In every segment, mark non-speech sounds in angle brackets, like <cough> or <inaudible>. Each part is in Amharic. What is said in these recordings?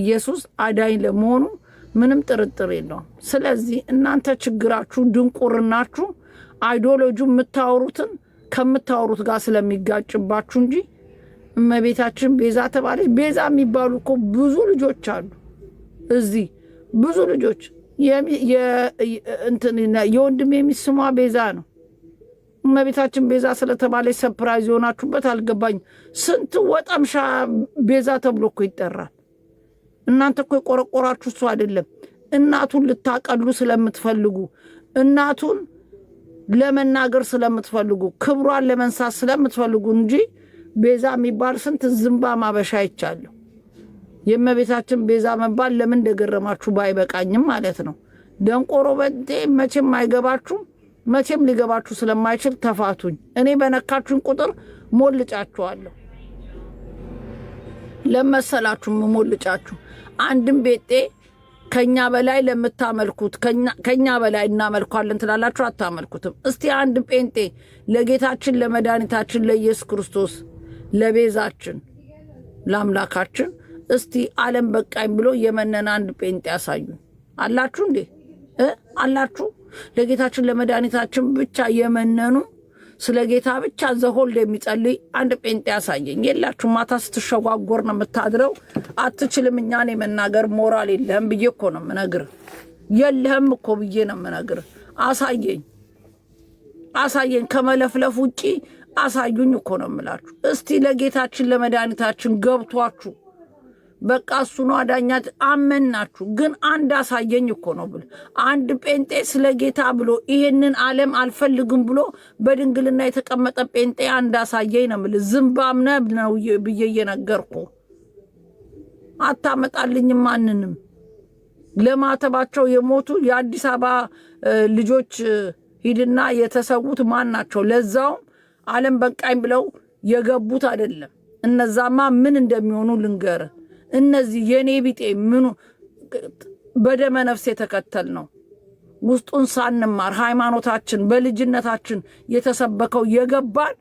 ኢየሱስ አዳኝ ለመሆኑ ምንም ጥርጥር የለውም። ስለዚህ እናንተ ችግራችሁ ድንቁርናችሁ አይዲዮሎጂ የምታወሩትን ከምታወሩት ጋር ስለሚጋጭባችሁ እንጂ እመቤታችን ቤዛ ተባለች። ቤዛ የሚባሉ እኮ ብዙ ልጆች አሉ። እዚህ ብዙ ልጆች የወንድሜ ሚስት ስሟ ቤዛ ነው። እመቤታችን ቤዛ ስለተባለች ሰፕራይዝ የሆናችሁበት አልገባኝ ስንት ወጠምሻ ቤዛ ተብሎ እኮ ይጠራል። እናንተ እኮ የቆረቆራችሁ እሱ አይደለም። እናቱን ልታቀሉ ስለምትፈልጉ፣ እናቱን ለመናገር ስለምትፈልጉ፣ ክብሯን ለመንሳት ስለምትፈልጉ እንጂ ቤዛ የሚባል ስንት ዝንባ ማበሻ ይቻለሁ የእመቤታችን ቤዛ መባል ለምን እንደገረማችሁ ባይበቃኝም ማለት ነው። ደንቆሮ በጤ መቼም አይገባችሁ፣ መቼም ሊገባችሁ ስለማይችል ተፋቱኝ። እኔ በነካችሁን ቁጥር ሞልጫችኋለሁ። ለመሰላችሁ ሞልጫችሁ አንድም ቤጤ ከኛ በላይ ለምታመልኩት ከኛ በላይ እናመልኳለን ትላላችሁ፣ አታመልኩትም። እስቲ አንድ ጴንጤ ለጌታችን ለመድኃኒታችን ለኢየሱስ ክርስቶስ ለቤዛችን ለአምላካችን እስቲ ዓለም በቃኝ ብሎ የመነን አንድ ጴንጤ ያሳዩ አላችሁ እንዴ? አላችሁ? ለጌታችን ለመድኃኒታችን ብቻ የመነኑ ስለ ጌታ ብቻ ዘሆልድ የሚጸልይ አንድ ጴንጤ ያሳየኝ። የላችሁ ማታ ስትሸጓጎር ነው የምታድረው። አትችልም እኛን የመናገር ሞራል የለህም ብዬ እኮ ነው ምነግር። የለህም እኮ ብዬ ነው ምነግር። አሳየኝ አሳየኝ ከመለፍለፍ ውጪ አሳዩኝ እኮ ነው የምላችሁ። እስቲ ለጌታችን ለመድኃኒታችን ገብቷችሁ በቃ እሱ ነው አዳኛት አመናችሁ። ግን አንድ አሳየኝ እኮ ነው ብሎ አንድ ጴንጤ ስለ ጌታ ብሎ ይሄንን ዓለም አልፈልግም ብሎ በድንግልና የተቀመጠ ጴንጤ አንድ አሳየኝ ነው የምልህ። ዝምባምነ ነው ብዬ እየነገርኩ አታመጣልኝም ማንንም። ለማተባቸው የሞቱ የአዲስ አበባ ልጆች ሂድና የተሰዉት ማን ናቸው? ለዛውም ዓለም በቃኝ ብለው የገቡት አይደለም። እነዛማ ምን እንደሚሆኑ ልንገር እነዚህ የኔ ቢጤ ምኑ በደመ ነፍስ የተከተል ነው። ውስጡን ሳንማር ሃይማኖታችን በልጅነታችን የተሰበከው የገባን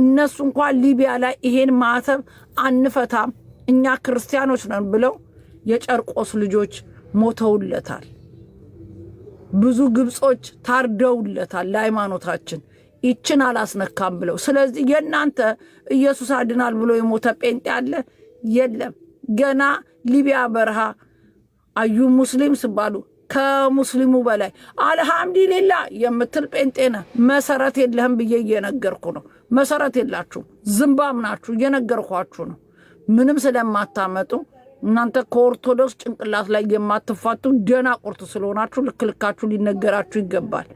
እነሱ እንኳን ሊቢያ ላይ ይሄን ማተብ አንፈታም እኛ ክርስቲያኖች ነን ብለው የጨርቆስ ልጆች ሞተውለታል። ብዙ ግብጾች ታርደውለታል ለሃይማኖታችን ይችን አላስነካም ብለው። ስለዚህ የእናንተ ኢየሱስ አድናል ብሎ የሞተ ጴንጤ አለ የለም። ገና ሊቢያ በረሃ አዩ ሙስሊም ስባሉ ከሙስሊሙ በላይ ሌላ የምትል ጴንጤነ መሰረት የለህም ብዬ እየነገርኩ ነው። መሰረት የላችሁም፣ ዝምባም ናችሁ። እየነገርኳችሁ ነው። ምንም ስለማታመጡ እናንተ ከኦርቶዶክስ ጭንቅላት ላይ የማትፋቱ ደናቁርት ስለሆናችሁ ልክልካችሁ ሊነገራችሁ ይገባል።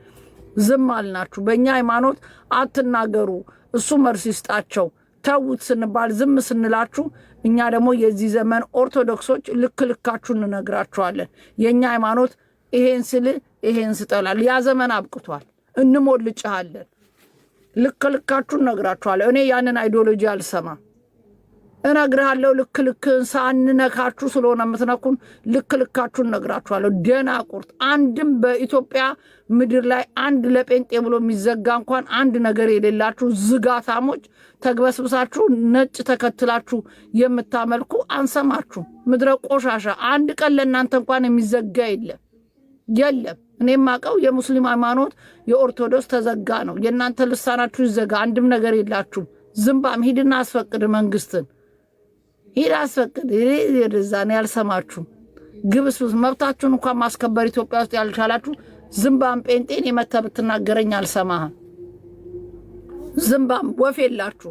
ዝም አልናችሁ። በእኛ ሃይማኖት አትናገሩ፣ እሱ መርስ ይስጣቸው፣ ተዉት ስንባል ዝም ስንላችሁ እኛ ደግሞ የዚህ ዘመን ኦርቶዶክሶች ልክ ልካችሁ እንነግራችኋለን። የእኛ ሃይማኖት ይሄን ስል ይሄን ስጠላል። ያ ዘመን አብቅቷል። እንሞልጭሃለን። ልክ ልካችሁ እነግራችኋለን። እኔ ያንን አይዲዮሎጂ አልሰማም። እነግርሃለሁ። ልክ ልክህን ሳንነካችሁ ስለሆነ የምትነኩን ልክ ልካችሁን እነግራችኋለሁ። ደናቁርት አንድም በኢትዮጵያ ምድር ላይ አንድ ለጴንጤ ብሎ የሚዘጋ እንኳን አንድ ነገር የሌላችሁ ዝጋታሞች፣ ተግበስብሳችሁ ነጭ ተከትላችሁ የምታመልኩ አንሰማችሁ። ምድረ ቆሻሻ አንድ ቀን ለእናንተ እንኳን የሚዘጋ የለም የለም። እኔም አቀው የሙስሊም ሃይማኖት የኦርቶዶክስ ተዘጋ ነው። የእናንተ ልሳናችሁ ይዘጋ። አንድም ነገር የላችሁም። ዝምባም ሂድና አስፈቅድ መንግስትን ሂድ አስፈቅድ ዛ ያልሰማችሁም ግብስብስ መብታችሁን እንኳን ማስከበር ኢትዮጵያ ውስጥ ያልቻላችሁ ዝምባም ጴንጤን የመታ ብትናገረኝ አልሰማህም። ዝምባም ወፍ የላችሁ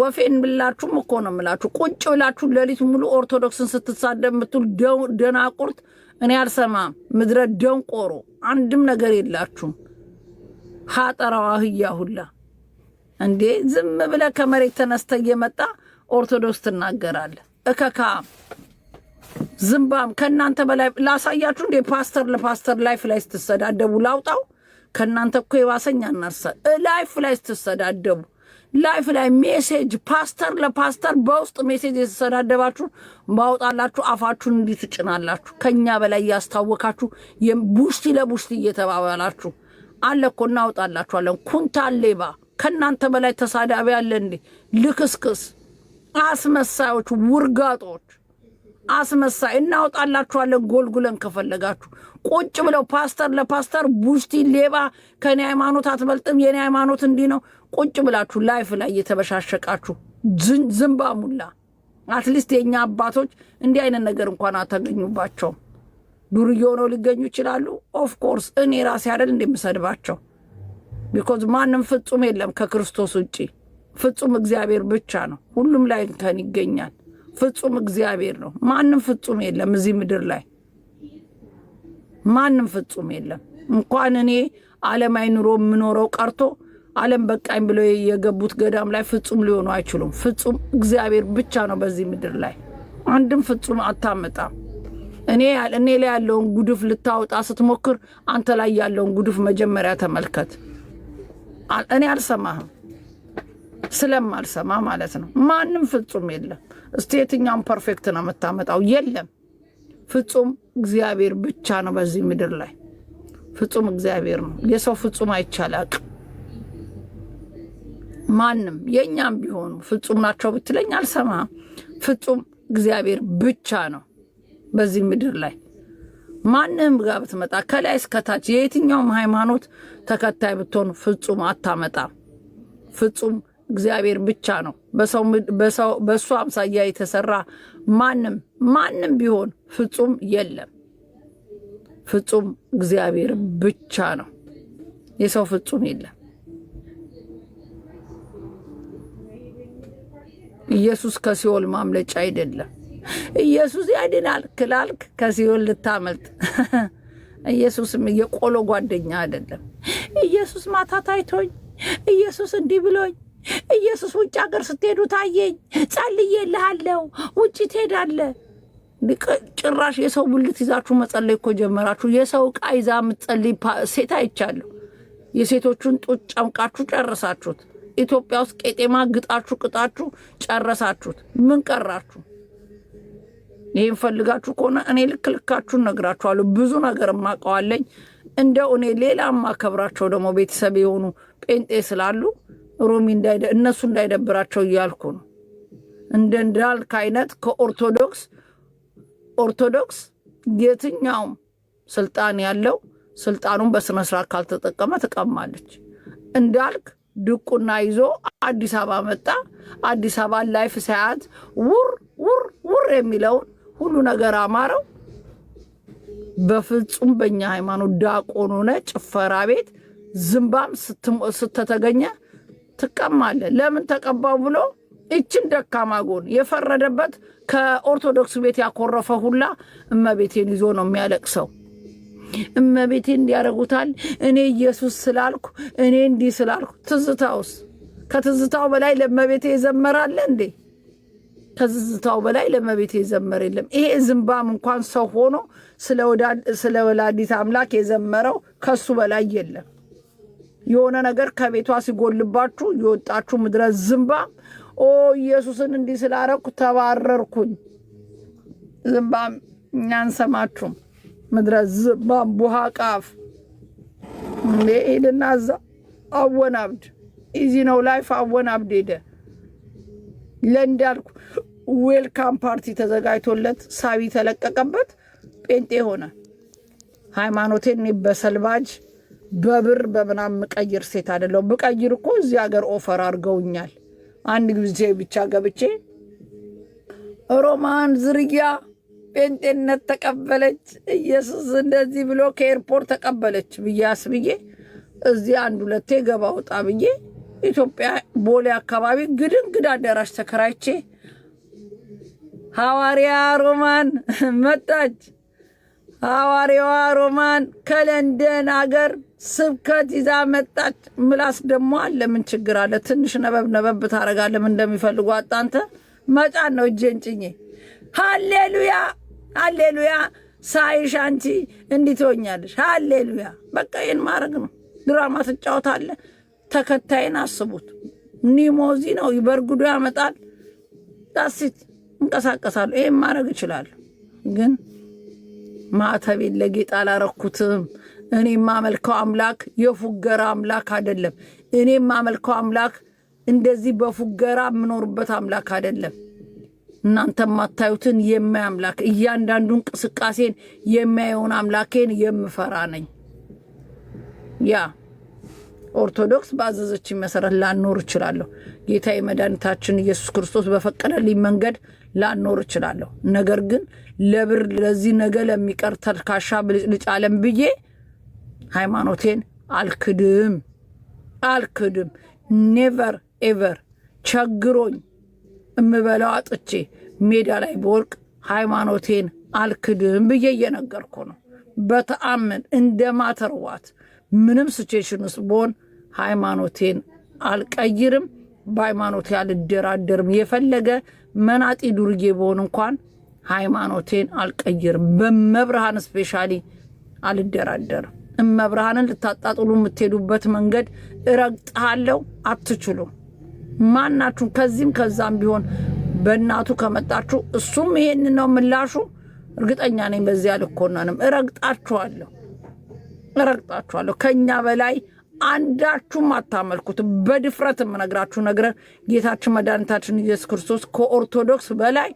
ወፌን ብላችሁም እኮ ነው የምላችሁ። ቁጭ ብላችሁ ሌሊት ሙሉ ኦርቶዶክስን ስትሳደብ የምትሉ ደናቁርት እኔ አልሰማም። ምድረ ደንቆሮ አንድም ነገር የላችሁም። ሀጠራዋ አህያ ሁላ እንዴ ዝም ብለ ከመሬት ተነስተ እየመጣ ኦርቶዶክስ ትናገራል። እከካ ዝምባም ከእናንተ በላይ ላሳያችሁ እንዴ? ፓስተር ለፓስተር ላይፍ ላይ ስትሰዳደቡ ላውጣው። ከእናንተ እኮ የባሰኛ እናርሰ ላይፍ ላይ ስትሰዳደቡ ላይፍ ላይ ሜሴጅ ፓስተር ለፓስተር በውስጥ ሜሴጅ የተሰዳደባችሁ ማውጣላችሁ አፋችሁን እንዲህ ትጭናላችሁ። ከኛ በላይ እያስታወካችሁ ቡሽቲ ለቡሽቲ እየተባባላችሁ አለ እኮ እናውጣላችኋለን። ኩንታሌባ ከእናንተ በላይ ተሳዳቢ አለ እንዴ? ልክስክስ አስመሳዮች፣ ውርጋጦች፣ አስመሳይ እናወጣላችኋለን ጎልጉለን ከፈለጋችሁ። ቁጭ ብለው ፓስተር ለፓስተር ቡሽቲ ሌባ፣ ከኔ ሃይማኖት አትበልጥም፣ የኔ ሃይማኖት እንዲህ ነው። ቁጭ ብላችሁ ላይፍ ላይ እየተበሻሸቃችሁ ሙላ አትሊስት የእኛ አባቶች እንዲህ አይነት ነገር እንኳን አታገኙባቸውም። ዱርዬ ሆነው ሊገኙ ይችላሉ። ኦፍኮርስ እኔ ራሴ አይደል እንደምሰድባቸው ቢኮዝ ማንም ፍጹም የለም ከክርስቶስ ውጭ። ፍጹም እግዚአብሔር ብቻ ነው። ሁሉም ላይ እንከን ይገኛል። ፍጹም እግዚአብሔር ነው። ማንም ፍጹም የለም እዚህ ምድር ላይ ማንም ፍጹም የለም። እንኳን እኔ ዓለም አይኑሮ የምኖረው ቀርቶ ዓለም በቃኝ ብለው የገቡት ገዳም ላይ ፍጹም ሊሆኑ አይችሉም። ፍጹም እግዚአብሔር ብቻ ነው በዚህ ምድር ላይ አንድም ፍጹም አታመጣም። እኔ እኔ ላይ ያለውን ጉድፍ ልታወጣ ስትሞክር አንተ ላይ ያለውን ጉድፍ መጀመሪያ ተመልከት። እኔ አልሰማህም። ስለማልሰማ ማለት ነው። ማንም ፍጹም የለም። እስቲ የትኛውን ፐርፌክት ነው የምታመጣው? የለም። ፍጹም እግዚአብሔር ብቻ ነው በዚህ ምድር ላይ ፍጹም እግዚአብሔር ነው። የሰው ፍጹም አይቻላቅ። ማንም የእኛም ቢሆኑ ፍጹም ናቸው ብትለኝ አልሰማህም። ፍጹም እግዚአብሔር ብቻ ነው በዚህ ምድር ላይ ማንም ጋር ብትመጣ ከላይ እስከታች የየትኛውም ሃይማኖት ተከታይ ብትሆን ፍጹም አታመጣም ፍጹም እግዚአብሔር ብቻ ነው። በእሱ አምሳያ የተሰራ ማንም ማንም ቢሆን ፍጹም የለም። ፍጹም እግዚአብሔር ብቻ ነው። የሰው ፍጹም የለም። ኢየሱስ ከሲኦል ማምለጫ አይደለም። ኢየሱስ ያድናል ክላልክ ከሲኦል ልታመልጥ <laughs> ኢየሱስም የቆሎ ጓደኛ አይደለም። ኢየሱስ ማታ ታይቶኝ፣ ኢየሱስ እንዲህ ብሎኝ ኢየሱስ ውጭ ሀገር ስትሄዱ ታየኝ፣ ጸልዬልሃለሁ። ውጭ ትሄዳለ። ጭራሽ የሰው ብልት ይዛችሁ መጸለይ እኮ ጀመራችሁ። የሰው እቃ ይዛ የምትጸልይ ሴት አይቻለሁ። የሴቶቹን ጡት ጨምቃችሁ ጨረሳችሁት። ኢትዮጵያ ውስጥ ቄጤማ ግጣችሁ ቅጣችሁ ጨረሳችሁት። ምን ቀራችሁ? ይህን ፈልጋችሁ ከሆነ እኔ ልክ ልካችሁን ነግራችኋለሁ። ብዙ ነገር ማቀዋለኝ። እንደው እኔ ሌላ ማከብራቸው ደግሞ ቤተሰብ የሆኑ ጴንጤ ስላሉ ሮሚ እነሱ እንዳይደብራቸው እያልኩ ነው። እንደ እንዳልክ አይነት ከኦርቶዶክስ ኦርቶዶክስ የትኛውም ስልጣን ያለው ስልጣኑን በስነስርት ካልተጠቀመ ትቀማለች። እንዳልክ ድቁና ይዞ አዲስ አበባ መጣ። አዲስ አበባ ላይፍ ሳያት ውር ውር ውር የሚለውን ሁሉ ነገር አማረው። በፍጹም በኛ ሃይማኖት ዳቆን ሆነ ጭፈራ ቤት ዝምባም ስተተገኘ ትቀማለ። ለምን ተቀባው ብሎ ይችን ደካማ ጎን የፈረደበት ከኦርቶዶክስ ቤት ያኮረፈ ሁላ እመቤቴን ይዞ ነው የሚያለቅሰው። እመቤቴ እንዲያደርጉታል እኔ ኢየሱስ ስላልኩ እኔ እንዲህ ስላልኩ። ትዝታውስ ከትዝታው በላይ ለእመቤቴ የዘመራለ እንዴ? ከትዝታው በላይ ለእመቤቴ የዘመር የለም። ይሄ ዝንባም እንኳን ሰው ሆኖ ስለ ወላዲት አምላክ የዘመረው ከሱ በላይ የለም። የሆነ ነገር ከቤቷ ሲጎልባችሁ የወጣችሁ ምድረ ዝንባ ኦ ኢየሱስን እንዲህ ስላረኩ ተባረርኩኝ። ዝንባም እኛ አንሰማችሁም። ምድረ ዝንባም ቡሃ ቃፍ ሄድና እዛ አብድ ኢዚ ነው ላይፍ አብድ ሄደ ለእንዳልኩ ዌልካም ፓርቲ ተዘጋጅቶለት ሳቢ ተለቀቀበት። ጴንጤ ሆነ። ሃይማኖቴን በሰልባጅ በብር በምናምን ምቀይር ሴት አይደለሁም። ብቀይር እኮ እዚህ ሀገር ኦፈር አድርገውኛል። አንድ ጊዜ ብቻ ገብቼ ሮማን ዝርያ ጴንጤነት ተቀበለች፣ ኢየሱስ እንደዚህ ብሎ ከኤርፖርት ተቀበለች ብዬ አስብዬ እዚህ አንድ ሁለቴ ገባ ወጣ ብዬ ኢትዮጵያ ቦሌ አካባቢ ግድንግድ አዳራሽ ተከራይቼ ሐዋርያ ሮማን መጣች። ሐዋርያዋ ሮማን ከለንደን አገር ስብከት ይዛ መጣች። ምላስ ደግሞ አለ። ምን ችግር አለ? ትንሽ ነበብ ነበብ ታረጋ። እንደሚፈልጉ አጣንተ መጫን ነው። እጄን ጭኜ ሃሌሉያ ሃሌሉያ ሳይሽ አንቺ እንዲህ ትሆኛለሽ። ሃሌሉያ በቃ ይህን ማድረግ ነው። ድራማ ትጫወታለ። ተከታይን አስቡት። ኒሞዚ ነው በርግዶ ያመጣል። ዳሲት እንቀሳቀሳሉ። ይህም ማድረግ እችላለሁ ግን ማዕተቤን ለጌጥ አላረኩትም። እኔ የማመልከው አምላክ የፉገራ አምላክ አይደለም። እኔ የማመልከው አምላክ እንደዚህ በፉገራ የምኖርበት አምላክ አይደለም። እናንተ የማታዩትን የማይ አምላክ እያንዳንዱ እንቅስቃሴን የሚያየውን አምላኬን የምፈራ ነኝ። ያ ኦርቶዶክስ በአዘዘች መሰረት ላኖር እችላለሁ። ጌታ የመድኃኒታችን ኢየሱስ ክርስቶስ በፈቀደልኝ መንገድ ላኖር እችላለሁ። ነገር ግን ለብር ለዚህ ነገ ለሚቀር ተልካሻ ብልጭልጭ ብዬ ሃይማኖቴን አልክድም አልክድም። ኔቨር ኤቨር ቸግሮኝ እምበላው አጥቼ ሜዳ ላይ በወርቅ ሃይማኖቴን አልክድም ብዬ እየነገርኩ ነው። በተአምን እንደ ማተርዋት ምንም ስቼሽን ውስጥ ብሆን ሃይማኖቴን አልቀይርም። በሃይማኖቴ አልደራደርም። የፈለገ መናጢ ዱርጌ ብሆን እንኳን ሃይማኖቴን አልቀይርም። በመብርሃን ስፔሻሊ አልደራደርም። እመብርሃንን ልታጣጥሉ የምትሄዱበት መንገድ እረግጥሃለሁ። አትችሉም። ማናችሁ ከዚህም ከዛም ቢሆን በእናቱ ከመጣችሁ እሱም ይሄን ነው ምላሹ። እርግጠኛ ነኝ በዚህ አልኮናንም። እረግጣችኋለሁ፣ እረግጣችኋለሁ። ከእኛ በላይ አንዳችሁም አታመልኩት። በድፍረት የምነግራችሁ ነገር ጌታችን መድኃኒታችን ኢየሱስ ክርስቶስ ከኦርቶዶክስ በላይ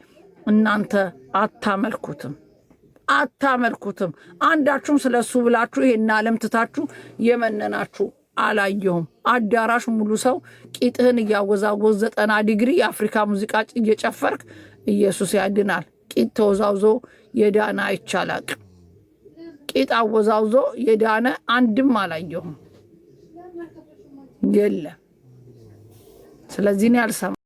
እናንተ አታመልኩትም። አታመልኩትም። አንዳችሁም ስለ እሱ ብላችሁ ይሄን ዓለም ትታችሁ የመነናችሁ አላየሁም። አዳራሽ ሙሉ ሰው ቂጥህን እያወዛወዝ ዘጠና ዲግሪ የአፍሪካ ሙዚቃ እየጨፈርክ ኢየሱስ ያድናል። ቂጥ ተወዛውዞ የዳነ አይቻላቅ። ቂጥ አወዛውዞ የዳነ አንድም አላየሁም፣ የለም። ስለዚህ እኔ አልሰማም።